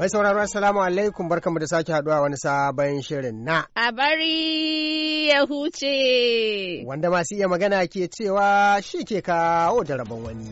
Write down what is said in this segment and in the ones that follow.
Mai sauraron Assalamu alaikum barkanmu da sake haduwa wani sabon shirin na. A bari ya huce. Wanda masu iya magana ke cewa shi ke kawo da rabon wani.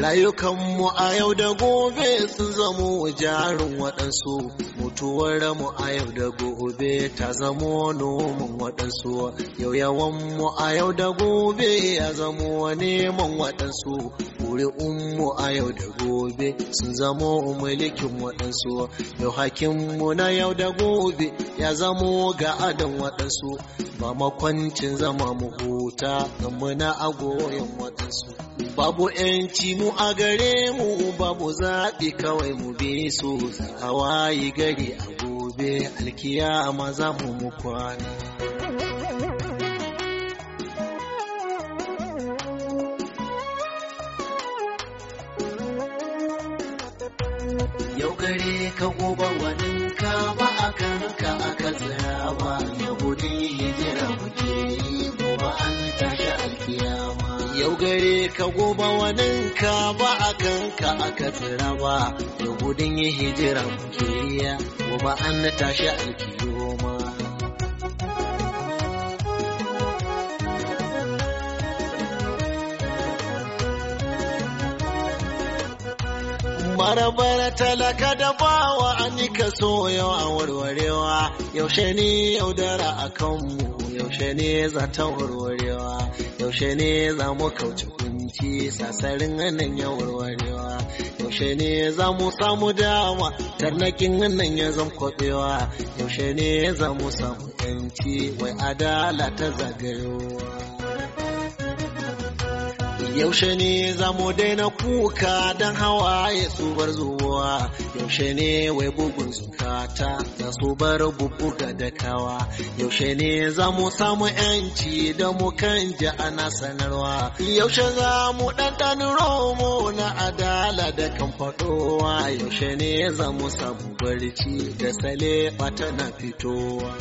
Rayukanmu a yau da gobe sun zamo jarin waɗansu. Mutuwar mu a yau da gobe ta zamo noman waɗansu. Yau yawan mu a yau da gobe ya zamo neman waɗansu. ƙuri'unmu a yau da gobe sun zamo mulkin waɗansu yau hakinmu na yau da gobe ya zamo ga adon waɗansu ba makwancin zama mu huta mu na agoyin waɗansu babu yanci mu a gare mu babu zaɓi kawai mu bi su hawaye gari a gobe alkiyama za mu kwana yau gare ka gobe wani ka ba a kanka aka tsira ba ya hijira muke yi gobe an tashi alkiyama yau gare ka gobe wani ka ba a kanka aka tsira ba ya gudun hijira muke yi gobe an tashi alkiyama Barbara talaka da bawa an yi so yau a warwarewa yaushe ne yaudara a kanmu yaushe ne za ta warwarewa yaushe ne za mu kauce kunci sasarin nan ya warwarewa yaushe ne za mu samu dama tarnakin nan ya zan kwabewa yaushe ne za mu samu yanci wai adala ta zagayowa yaushe ne za mu daina kuka don hawa ya tsubar zuwa yaushe ne wai bugun zukata za su bar bubuga da kawa yaushe ne za mu samu yanci da mu kan ji ana sanarwa yaushe za mu ɗanɗanin romo na adala da kan faɗowa yaushe ne za mu samu barci da sale ɓata na fitowa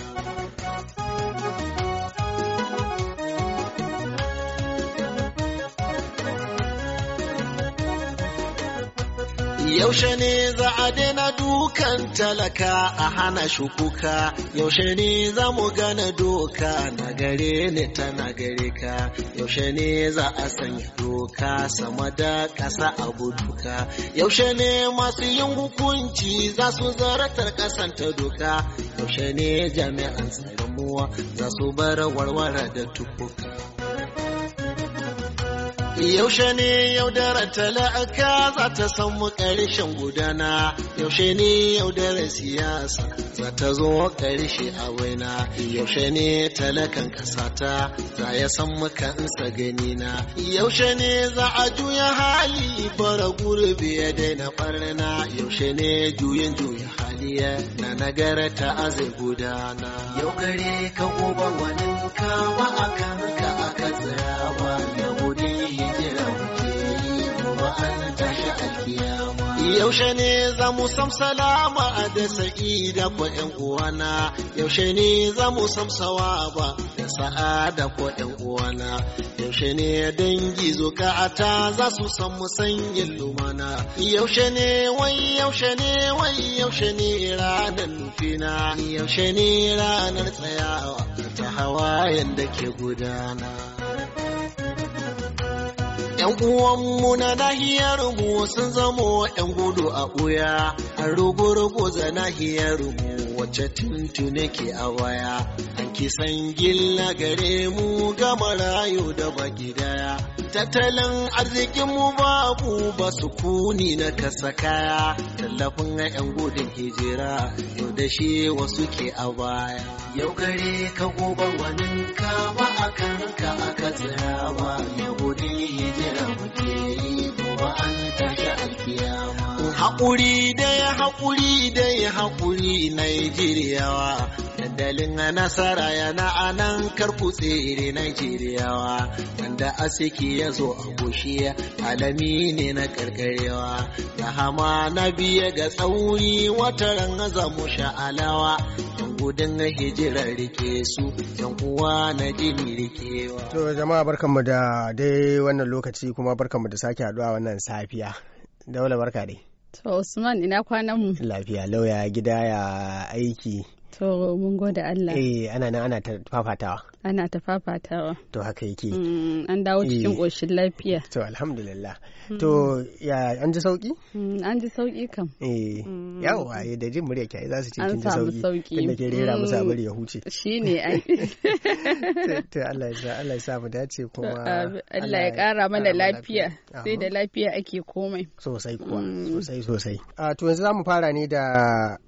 Yaushe ne za a daina dukan talaka a hana shukuka, yaushe ne za mu gane doka na gare ne ta na gare ka, yaushe ne za a sanya doka sama da ƙasa a guduka, yaushe ne masu yin hukunci za su zaratar ƙasan ta doka, yaushe ne jami'an tsaron muwa za su bar warware da tukuka. Yaushe ne yaudarar talaka za ta samu ƙarshen gudana, yaushe ne yaudarar siyasa za ta zo ƙarshe a waina, yaushe ne talakan ƙasata za ya samu kansa ganina, yaushe ne za a juya hali bara gurbi ya daina ɓarna, yaushe ne juyin juya haliya na nagara ta azai gudana. Yau gare ka gobe wani kawa a ka aka yaushe ne za mu sam salama da sa'ida ko ƴan uwana yaushe ne za mu sam sawaba da sa'ada ko ƴan uwana yaushe ne dangi zukata za su san mu lumana yaushe ne wai yaushe ne wai yaushe ne ranar nufina yaushe ne ranar tsayawa ta hawayen da ke gudana ‘Yan uwanmu na nahiyar mu sun zamo ‘yan gudu a ɓuya, a rugu-rugu za nahiyar mu. wacce tuntune ke a waya an kisan gilla gare mu ga marayu da baki daya tattalin arzikin mu babu ba kuni na kasa kaya tallafin yan gudun hijira yau da shi wasu ke a baya yau gare ka gobe wani ka ba a ka a tsira ba yau gudun hijira muke yi gobe an tashi alkiyama haƙuri da ya haƙuri da ya haƙuri Najeriyawa dandalin nasara yana anan tsere Najeriyawa wanda asiki ya zo a goshiya alami ne na karkarewa da hama na biya ga tsauri wataran zamu sha'alawa gudun hijirar rike su yan uwa na jini rikewa. To jama'a barkanmu da dai wannan lokaci kuma barkanmu da sake haduwa wannan safiya. Daula barka dai. To Usman ina kwanan mu? Lafiya lauya gida ya aiki. To mun gode Allah. Eh ana nan ana ta fafatawa. Ana ta fafatawa. To haka yake. Mm, an dawo eh. cikin ƙoshin lafiya. To alhamdulillah. Mm. To ya an ji sauki? Mm, an ji sauki kam. Eh yawa eh, da jin murya kyai za su ce kin ji sauki. An samu sauki. Tunda ke rera musu abin ya huce. Shi ne ai. To Allah ya sa Allah ya sa mu dace kuma. Allah ya ƙara mana lafiya. Sai da lafiya ake komai. Sosai kuwa. Sosai sosai. To yanzu za mu fara ne da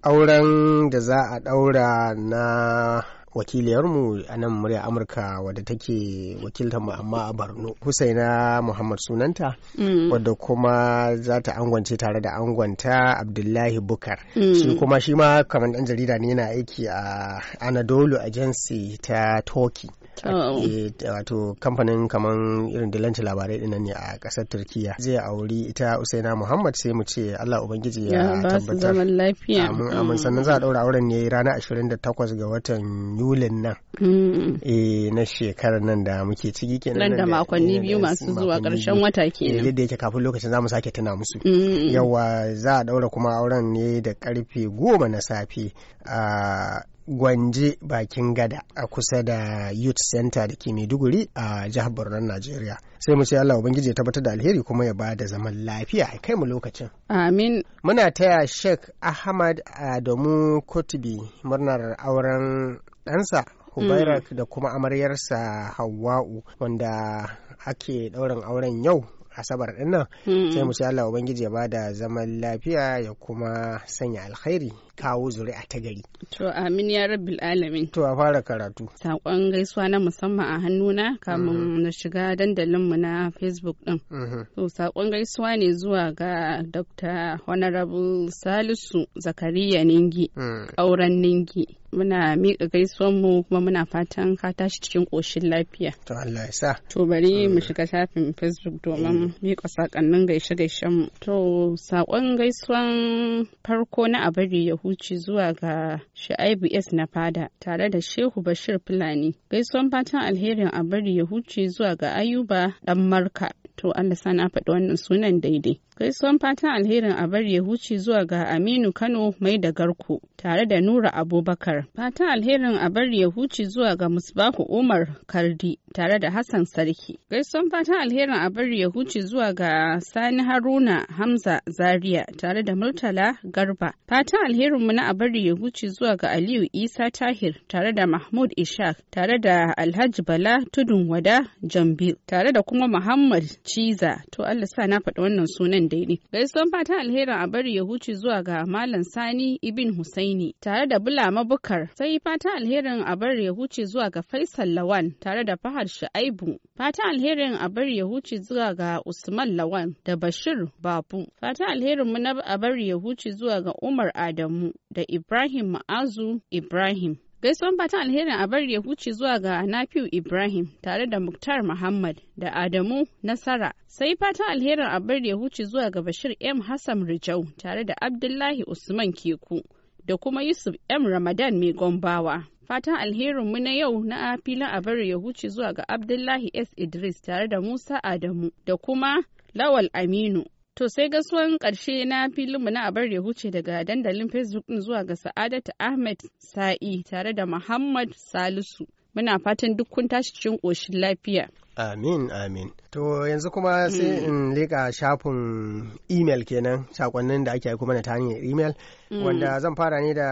auren da za a ɗaura lura na wakiliyarmu a nan murya amurka wadda take wakiltar mu amma a borno husaina muhammad sunanta mm. wadda kuma za ta angwance tare da angwanta abdullahi bukar mm. shi kuma shi ma kamar dan jarida ne yana aiki a anadolu agency ta turkey Oh. Eh, wato kamfanin kaman irin dilanci labarai dinan ne a kasar turkiya zai auri ita usaina muhammad sai mu ce allah ubangiji ya tabbatar zaman lafiya amin mm. sannan za a daura auren ne ranar 28 ga watan yulin nan mm. eh, na shekarar nan da muke ciki kenan nan da makonni eh, biyu masu zuwa karshen wata kenan Yadda yake kafin lokacin za mu sake tuna musu mm. yawa za a daura kuma auren ne da karfe goma na safe a ah, gwanje bakin gada a kusa da youth center da ke maiduguri a jihar borno najeriya sai mu ce allah ubangiji ya tabbatar da alheri kuma ya ba da zaman lafiya ya kai mu lokacin amin muna taya sheikh ahmad adamu kotibi murnar auren ɗansa hubairak mm. da kuma amaryarsa hawa'u wanda ake ɗaurin auren yau asabar ɗin nan mm. sai mu ce allah ubangiji ya bada zaman lafiya ya kuma sanya alkhairi kawo zuri'a ta gari. To amin ya rabbil alamin. To a fara karatu. Sakon gaisuwa na musamman a hannuna kamun mhm. na shiga dandalinmu na Facebook ɗin. Mhm. To sakon gaisuwa ne zuwa ga Dr. Honorable Salisu Zakariya Ningi. Mhm. Auren Ningi. muna miƙa gaisuwan mu kuma muna fatan ka tashi cikin ƙoshin lafiya. To Allah ya sa. To bari mu shiga shafin Facebook domin miƙa saƙonnin gaishe gaishen mu. To saƙon gaisuwan farko na abari yau huce zuwa ga Sha'ibu S na fada tare da Shehu Bashir Fulani. Gaisuwan fatan alherin a bari ya huce zuwa ga Ayuba ɗan Marka To Allah sana faɗi wannan sunan daidai. Gaisuwan fatan alherin a bar ya zuwa ga Aminu Kano mai da garku tare da Nura Abubakar. Fatan alherin a bar ya zuwa ga Musbahu Umar Kardi tare da Hassan Sarki. Gaisuwan fatan alherin a bar ya zuwa ga Sani Haruna Hamza Zaria tare da Murtala Garba. Fatan alherin mu na a bar ya zuwa ga Aliyu Isa Tahir tare da Mahmud Ishaq tare da Alhaji Bala Tudun Wada Jambil tare da kuma Muhammad ciza to Allah sa na faɗi wannan sunan daidai gaisuwan fatan alherin a bari ya huce zuwa ga malam sani ibn husaini tare da bula mabukar sai fatan alherin a bari ya huce zuwa ga faisal lawan tare da fahad shu'aibu fatan alherin a bari ya huce zuwa ga usman lawan da bashir babu fatan alherin mu na a bari ya huce zuwa ga umar adamu da ibrahim ma'azu ibrahim Gaisuwan fatan alherin a bari ya huce zuwa ga Nafiu Ibrahim tare da Muktar Muhammad da Adamu Nasara. Sai fatan alherin a bari ya huce zuwa ga Bashir M. Hassan Rijau tare da Abdullahi Usman Keku da kuma Yusuf M. Ramadan mai gombawa. Fatan alherin mu na yau na filin a bari ya huce zuwa ga Abdullahi S. Idris tare da Musa Adamu da kuma Lawal Aminu To sai gaisuwan ƙarshe na filin mu na abar ya huce daga dandalin Facebook zuwa ga Sa'adatu Ahmed Sa'i tare da Muhammad Salisu. Muna fatan duk kun tashi cikin ƙoshin lafiya. Amin, amin. To yanzu kuma sai mm. in lika shafin email kenan, sakonnin da ake kuma na ta hanyar email, mm. wanda zan fara ne da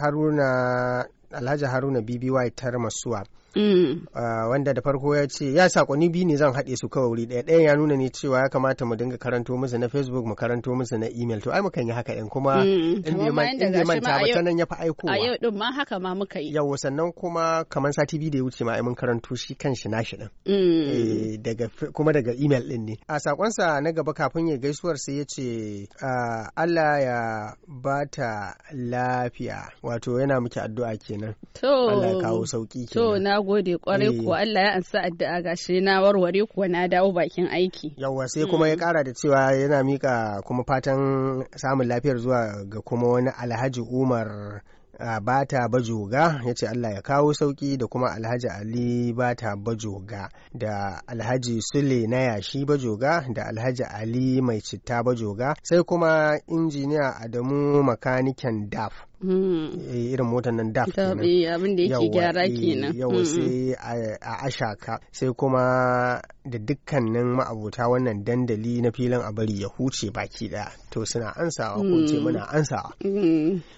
Haruna Alhaji Haruna BBY Tarmasuwa. Mm. Ah, wanda da farko ya ce ya sakonni biyu ne zan haɗe su kawai wuri ɗaya ɗaya ya nuna ni cewa ya kamata mu dinga karanto musu na facebook mu karanto musu na email to ai mukan yi haka ɗin kuma mm. in bai manta ba ta nan ya fi aikowa a yau ɗin ma haka ma muka yi yawo sannan kuma kamar sati biyu da ya wuce ma ai mun karanto shi kan shi nashi ɗin mm. eh, daga kuma daga email ɗin ne a sakonsa na gaba kafin ya gaisuwar sai ya ce ah, Allah ya bata lafiya wato yana miki addu'a kenan to Allah ya kawo sauki kenan gode kwarai ko eh. Allah ya ansa addu'a gashi na warware kuwa na dawo bakin aiki. Yawwa sai kuma ya mm. kara da cewa yana mika kuma fatan samun lafiyar zuwa ga kuma wani Alhaji Umar bata bajoga ya ce Allah ya kawo sauki da kuma alhaji Ali bata bajoga da alhaji Sule na yashi bajoga da alhaji Ali mai citta bajoga sai kuma injiniya Adamu makaniken daf Hmm. Eh, irin motar nan daf eh, yau eh, hmm, hmm. sai a ashaka sai kuma da dukkanin ma'abuta wannan dandali na filin a bari ya huce baki daya to suna ansawa ko ce muna ansawa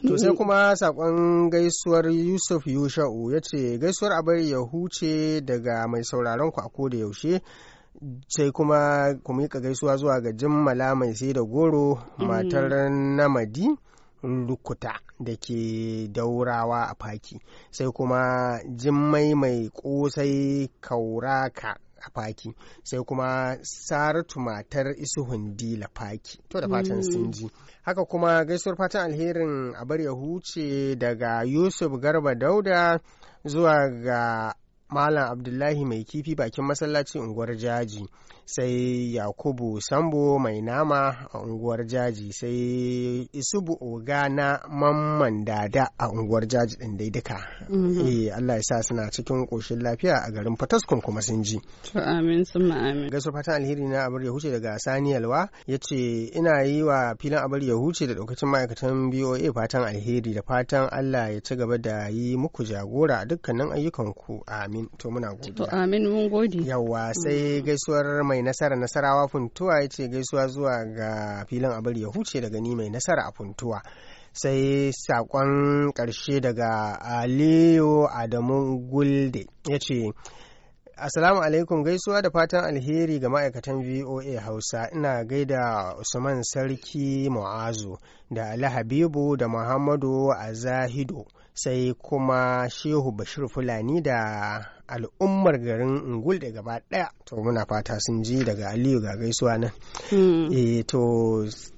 to sai kuma sakon gaisuwar yusuf yusha'u ya ce gaisuwar a bari ya huce daga mai sauraron ku a da yaushe sai kuma kuma yi gaisuwa zuwa ga jimmala mai sai da goro matar namadi rukuta da ke daurawa a faki sai kuma jimmai mai kosai kauraka a faki sai kuma saratu matar isuhun dila faki to da fatan sun mm. ji haka kuma gaisuwar fatan alherin bar ya huce daga yusuf garba dauda zuwa ga malam abdullahi mai kifi bakin masallaci unguwar jaji sai yakubu sambo mai nama a unguwar jaji sai isubu oga na mamman dada a unguwar jaji din dai duka mhm. eh Allah ya sa suna cikin koshin lafiya a garin Fataskun kuma sun ji to amin sun amin gaso fatan alheri na abar ya huce daga Sani Yalwa yace ina yi wa filin abar ya huce da ɗaukacin ma'aikatan BOA fatan alheri da fatan Allah ya ci gaba da yi muku jagora a dukkanin ayyukanku. amin to muna godiya to amin mun gode yawa sai gaisuwar mai mai nasara nasarawa funtuwa ya ce gaisuwa zuwa ga filin abar ya huce daga ni mai nasara a funtuwa sai sakon karshe daga aliyu adamu gulde ya ce Assalamu alaikum gaisuwa da fatan alheri ga ma'aikatan VOA Hausa ina gaida Usman Sarki Mu'azu da Ali Habibu da Muhammadu a zahido sai kuma Shehu Bashir Fulani da al'ummar garin ungul da gaba daya to muna fata sun ji daga aliyu ga gaisuwa nan hmm. eh to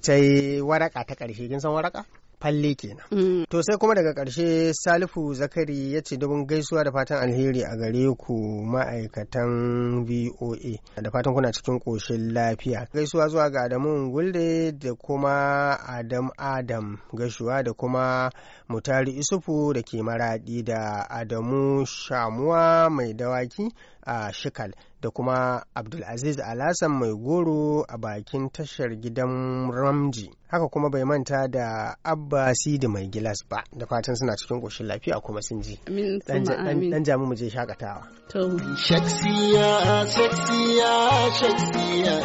sai waraka ta karshe kin san waraka falle kenan. Mm. To sai kuma daga ƙarshe Salifu Zakari ya ce dubin gaisuwa da fatan alheri a gare ku ma'aikatan VOA da fatan kuna cikin ƙoshin lafiya. Gaisuwa zuwa ga Adamu Gulde da kuma Adam Adam gashuwa da kuma Mutari Isufu da ke maraɗi da Adamu Shamuwa mai dawaki a Shikal. da kuma abdulaziz alasan mai goro a bakin tashar gidan ramji haka kuma bai manta da abba sidi mai gilas ba da fatan suna cikin ƙoshin lafiya kuma sun ji dan jami mu je shakatawa shaksiya shaksiya shaksiya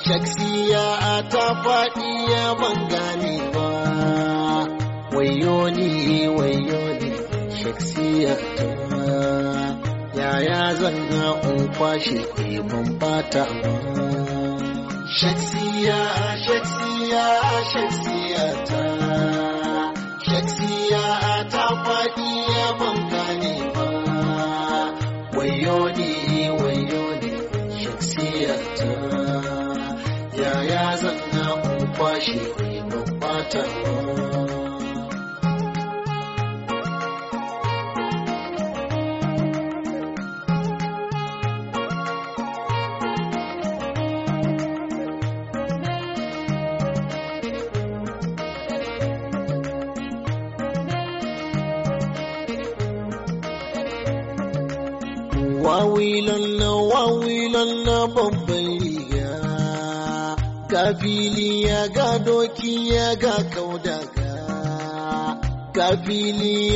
shaksiya ta faɗi ya ba. gane ba wayo wayoni shaksiya ta yaya zan na in kwashe ɗiban fata shaksiya shaksiya shaksiya ta shaksiya ta faɗi ban gane ba wayo ne wayo ne shaksiya ta yaya zan na in kwashe ɗiban fata wawilan na wawilan na babban riga ga fili ya ga doki ya ga kaudaga ga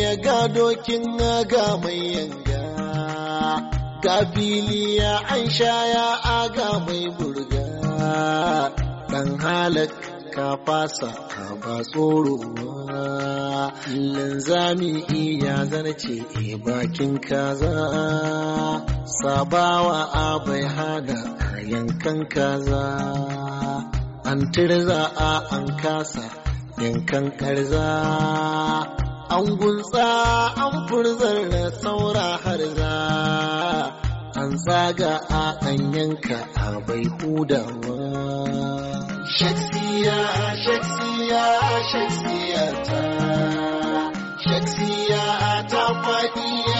ya ga dokin ga mai yanga ga fili ya aisha ya aga mai burga dan halak ka fasa ka ba tsoro lanzami iya zarce eh, bakin kaza sabawa a bai hada a yankan kaza an tirza a an kasa yankan karza an gunsa an furzar da saura harza an zaga a an yanka a bai hudawa shaksiya shaksiya shaksiya ta shaksiya ta faɗi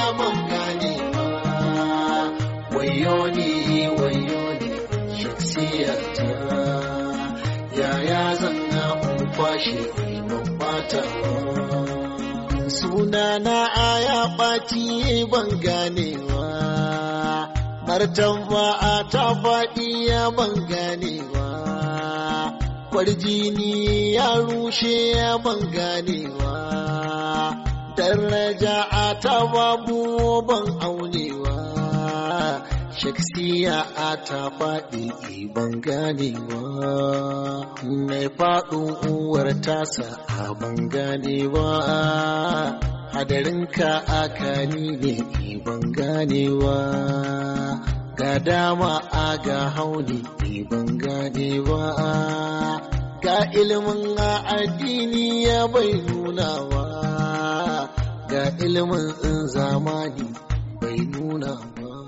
wayoni wayoni shaksiyar ta yaya zan in kwashe mun bata suna na aya ɓaci ban ganewa martaba ta faɗi ya ban ganewa kwarjini ya rushe ya ban ganewa daraja ta babu ban aunewa shaksiya a ta faɗi iban eh, ganewa mai faɗin uwar tasa a ban ganewa hadarinka a kani ne iban eh, ganewa ga dama a ga hauni iban eh, ganewa ga ilimin a addini ya bai nuna wa? ga ilimin zamani bai nuna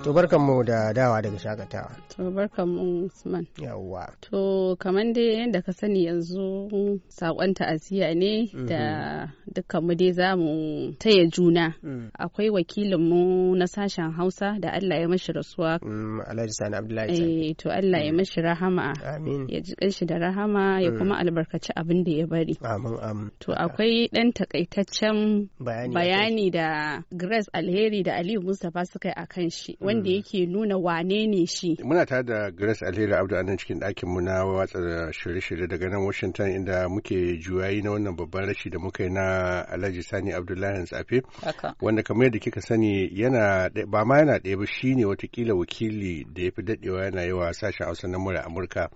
To mu da dawa daga shakatawa. To mu Usman. Yawwa. To kamar dai yadda ka sani yanzu sakon ta'aziyya ne da mm-hmm. dukkan mu dai zamu taya juna. Mm. Akwai wakilin mu na sashen Hausa da Allah ya mashi rasuwa. Mm, Alhaji Sani Abdullahi. Eh to Allah ya mm. mashi rahama. Amin. Ya ji kanshi da rahama ya kuma albarkaci abin da ya bari. Amin amin. To akwai dan takaitaccen bayani da Grace Alheri da Aliyu Mustapha suka yi akan shi. wanda yake nuna wane ne shi. Muna tare da Grace Alheri Abdu a cikin ɗakin mu na watsa shirye-shirye daga nan Washington inda muke juyayi na wannan babban rashi da muka yi na Alhaji Sani Abdullahi Tsafe. Wanda kamar yadda kika sani yana ba ma yana ɗaya ba shi ne watakila wakili da ya fi daɗewa yana yi wa sashen Hausa na mura Amurka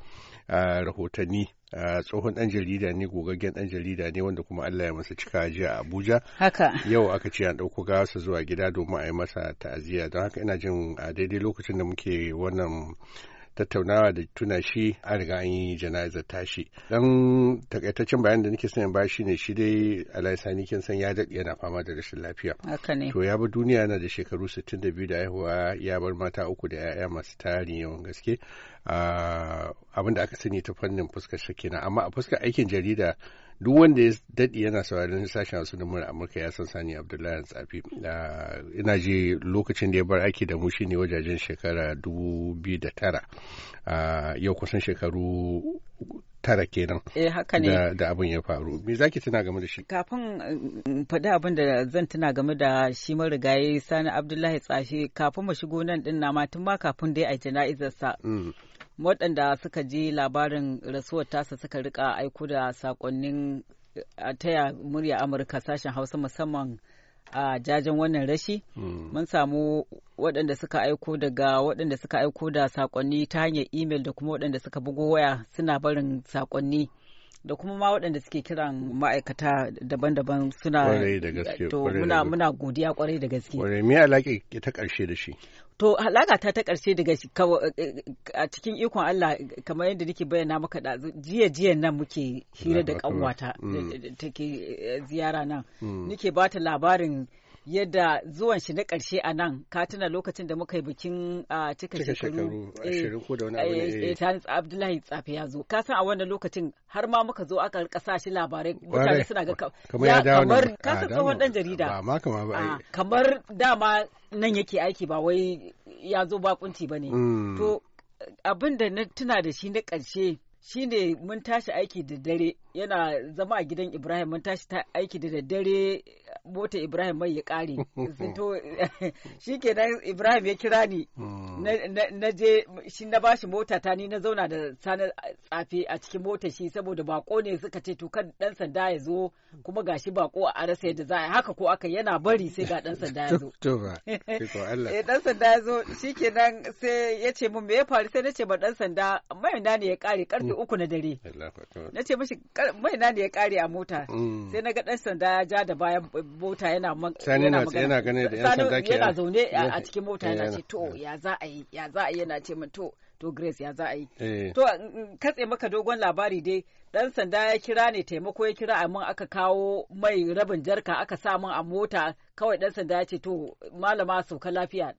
rahotanni Eh, tsohon ɗan jarida ne gogaggen ɗan jarida ne wanda kuma Allah ya masa cika jiya a Abuja. Haka. Yau aka ce an ɗauko gawarsa zuwa gida domin a yi masa ta'aziyya don haka ina jin a daidai lokacin da muke wannan tattaunawa da tuna shi a riga an yi jana'izar tashi dan takaitaccen bayan da nake son ba shi ne shi dai alai sani kin san ya daɗe yana fama da rashin lafiya haka ne to ya bi duniya na da shekaru 62 da haihuwa ya bar mata uku da 'ya'ya masu tarin yawan gaske ah, abin da aka sani ta fannin fuskar shakina amma a fuskar aikin jarida duk wanda ya daɗi yana sauraron sashen wasu da mura amurka ya san sani abdullahi tsafi ah, ina ji lokacin da ya bar aiki da mu shine wajajen shekara dubu biyu da tara ah, yau kusan shekaru tara kenan eh, da abin ya faru me zaki tuna game da shi kafin mm, faɗi abin da zan tuna game da shi rigaye sani abdullahi tsafi kafin mu shigo nan din na ma tun ma kafin dai a jana'izarsa mm. waɗanda suka ji labarin rasuwar tasa suka rika aiko da sakonnin taya murya amurka sashen hausa musamman a jajen wannan rashi hmm. mun samu waɗanda suka aiko daga waɗanda suka aiko da sakonni ta hanyar imel da kuma waɗanda suka bugo waya suna barin sakonni da kuma ma waɗanda suke kiran ma'aikata daban-daban suna muna godiya kwarai da gaske me alaƙa ta ƙarshe da shi To halaka ta ta ƙarshe daga eh, eh, a cikin ikon Allah kamar yadda nake bayyana maka da jiya jiya nan muke hira da ƙanwata mm. take eh, ziyara nan. Mm. Nake ba ta labarin yadda zuwan shi na ƙarshe a nan ka tuna lokacin da muka yi bikin cika shekaru ashirin Abdullahi Tsafe ya zo ka san a wannan lokacin har ma muka zo aka rika shi labarai mutane suna ga kamar ya kamar ka san tsohon dan jarida kamar dama nan yake aiki ba wai ya zo bakunci ne mm. to abin da na tuna da shi na ƙarshe shine mun tashi aiki da dare yana zama a gidan ibrahim mun tashi ta aiki da daddare mota ibrahim mai ya kare to shi kenan ibrahim ya kira ni hmm. na je shi na bashi mota ta ni na zauna da sana tsafe a cikin mota shi saboda bako ne suka ce to kan dan sanda ya zo kuma gashi bako a arasa yadda za a haka ko aka yana bari sai ga dan sanda ya zo to ba dan eh, sanda ya zo shi kenan sai ya ce mun me ya faru sai na ce ba dan sanda mai ne ya kare karfe hmm. uku na dare na ce mishi mai na ne ya kare a mota mm. sai na ga dan sanda ya ja da bayan mota yana yana yana gane da yan sanda ke yana zaune a cikin mota yana ce to ya za a yi ya za a yi yana ce min to to Grace ya za a yi eh. to katse maka dogon labari dai dan sanda ya kira ne taimako ya kira amma aka kawo mai rabin jarka aka sa min a mota kawai dan sanda ya ce to malama sauka lafiya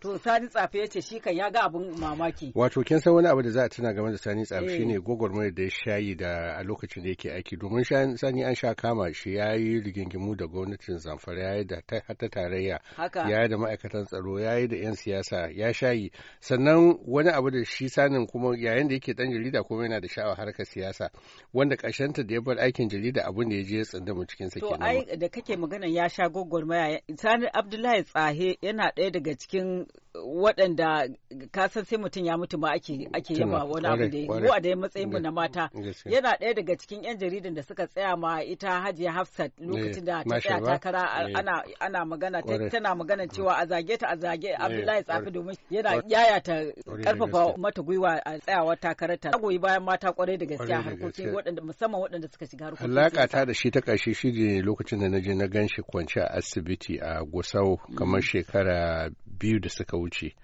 to sani tsafe ya ce shi kan ya ga abin mamaki wato kin san wani abu da za a tuna game da sani tsafe eh. shine gogormar da ya shayi da a lokacin da yake aiki domin sani an sha kama shi ya yi rigingimu da gwamnatin zamfara ya yi da ta tarayya ya yi da ma'aikatan tsaro ya yi da 'yan siyasa ya shayi sannan wani abu da shi sanin kuma yayin da yake dan jarida kuma yana da sha'awar harkar siyasa wanda ta da ya bar aikin jarida abun da ya je ya mu cikin sa kenan to ai da kake magana ya sha gogormaya sani abdullahi tsahe yana ɗaya daga cikin cikin waɗanda kasan sai mutum ya mutu ma ake ake yaba wani abu da yi a dai matsayin mu na mata yana ɗaya daga cikin yan jaridan da suka tsaya ma ita Hajiya Hafsat eh, lokacin da ta tsaya takara eh. ana ana magana tana magana cewa a zage ta a zage eh, Abdullahi Tsafi domin yana yaya ta karfafa mata gwiwa a tsayawar takarar ta goyi bayan mata kwarai da gaskiya harkokin waɗanda musamman waɗanda suka shiga harkokin alaka ta da shi ta ƙarshe shi ne lokacin da na je na gan shi kwance a asibiti a Gusau kamar mm. shekara biyu da suka wuce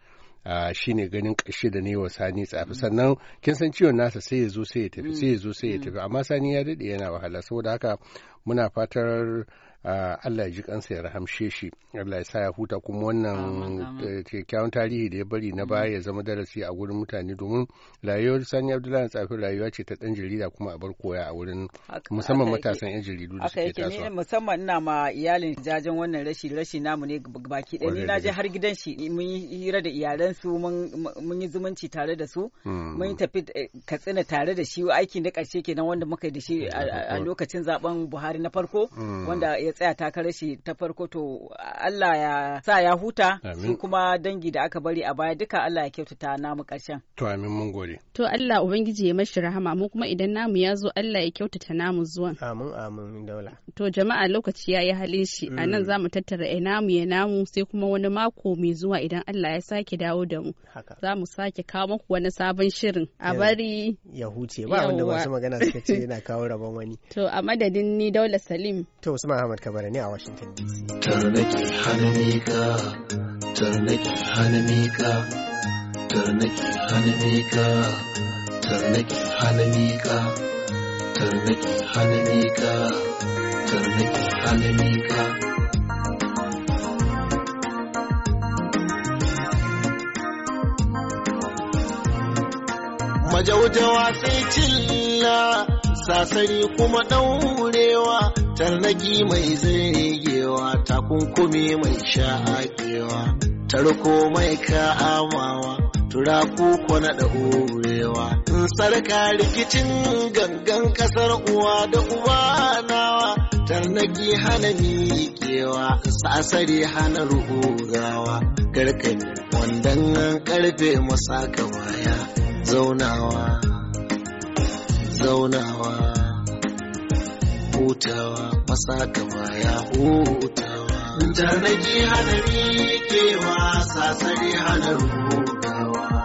shi ne ganin ƙashi da ne wa sani tsafi sannan kin san ciwon nasa sai ya zo sai ya tafi sai ya zo sai ya mm, tafi mm. amma sani ya daɗe yana wahala saboda haka muna fatar Allah ya ji kansa ya rahamshe shi Allah ya sa ya huta kuma wannan kyakkyawan tarihi da ya bari na baya ya zama darasi a gurin mutane domin rayuwar Sani Abdullahi Tsafi rayuwa ce ta dan jarida kuma a bar koya a wurin musamman matasan yan jaridu da suke tasowa musamman ina ma iyalin jajen wannan rashi rashi namu ne baki ɗaya ni na je har gidan shi mun yi hira da iyalan su mun yi zumunci tare da su hmm. mun yi tafi eh, katsina tare da shi aiki na ƙarshe kenan wanda muka yi da shi a hmm. lokacin zaben Buhari na farko hmm. wanda ya tsaya takarar shi ta farko to Allah ya sa ya huta su kuma dangi da aka bari a baya duka Allah ya kyautata namu karshen. To amin mun gode. To Allah ubangiji ya mashi rahama mu kuma idan namu ya zo Allah ya kyautata namu zuwan. Amin amin daula. To jama'a lokaci ya yi halin shi a nan mm. za mu tattara ya namu ya namu sai kuma wani mako mai zuwa idan Allah ya sake dawo da mu. Za mu sake kawo muku wani sabon shirin a bari. Ya huce ba wanda masu magana suka ce yana kawo rabon wani. To a madadin ni Daula Salim. To Usman Ahmad Ahmad Kabara ne a Washington DC. Tarnaki hana miƙa, tarnaki hana miƙa, tarnaki hana miƙa, tarnaki hana miƙa, tarnaki hana miƙa, tarnaki hana miƙa. majaujawa sai cilla sasari kuma ɗaurewa tarnaki mai ziregewa takunkumi mai sha'akewa tarko mai ka'amawa tura kuko na da in sarka rikicin gangan kasar uwa da uba nawa tarnaki hana miƙewa sasare hana ruhugawa garkami wandan karfe masaka baya zaunawa zaunawa hutawa masa ma ya hutawa Jarnaki hana miƙewa sasari hana hutawa.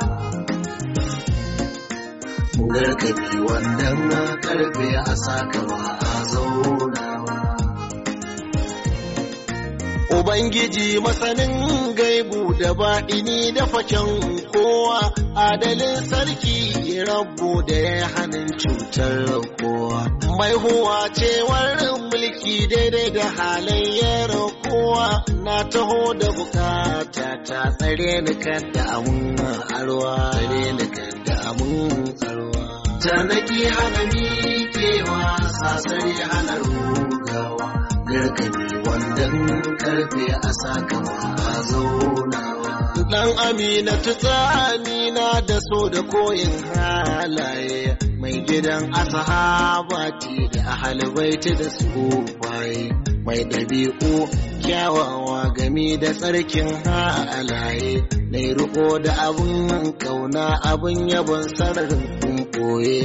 garkabi wannan karfe a sakawa a zaura Ubangiji masanin gaibu da baɗini da facen kowa adalin sarki rabu da ya hannun cutar kowa. Mai huwa cewar mulki daidai da halayyar kowa na taho da bukata ta tsare ni kan damun arwa. Tsare ni kan damun arwa. Janaki hana miƙewa sasari hana rugawa. garkami karfe a sakama a Dan amina tsani na da so da koyin halaye mai gidan asahaba ce da ahalibaita da sufaye mai ɗabi'u kyawawa game da tsarkin halaye mai riko da abin kauna abin yabon sararin kumɓoye.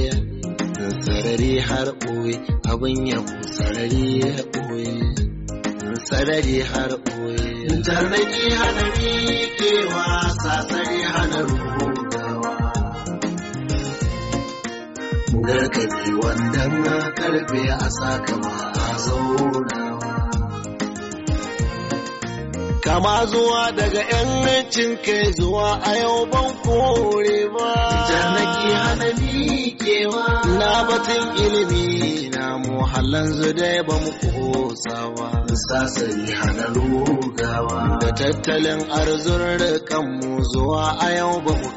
sarari har ɓoye abin yabo sarari har ɓoye da, sarari har ɓoye tarnaki hana miƙewa sasari hana rubutawa, rugawa garkabi wannan karfe a sakama a zauna kama zuwa daga yancin kai zuwa a yau ban kore ba janaki hana miƙewa na batun ilimi na muhallan zudai ba mu kosa ba sasari hana rugawa da tattalin arzurrukan kanmu zuwa a yau ba mu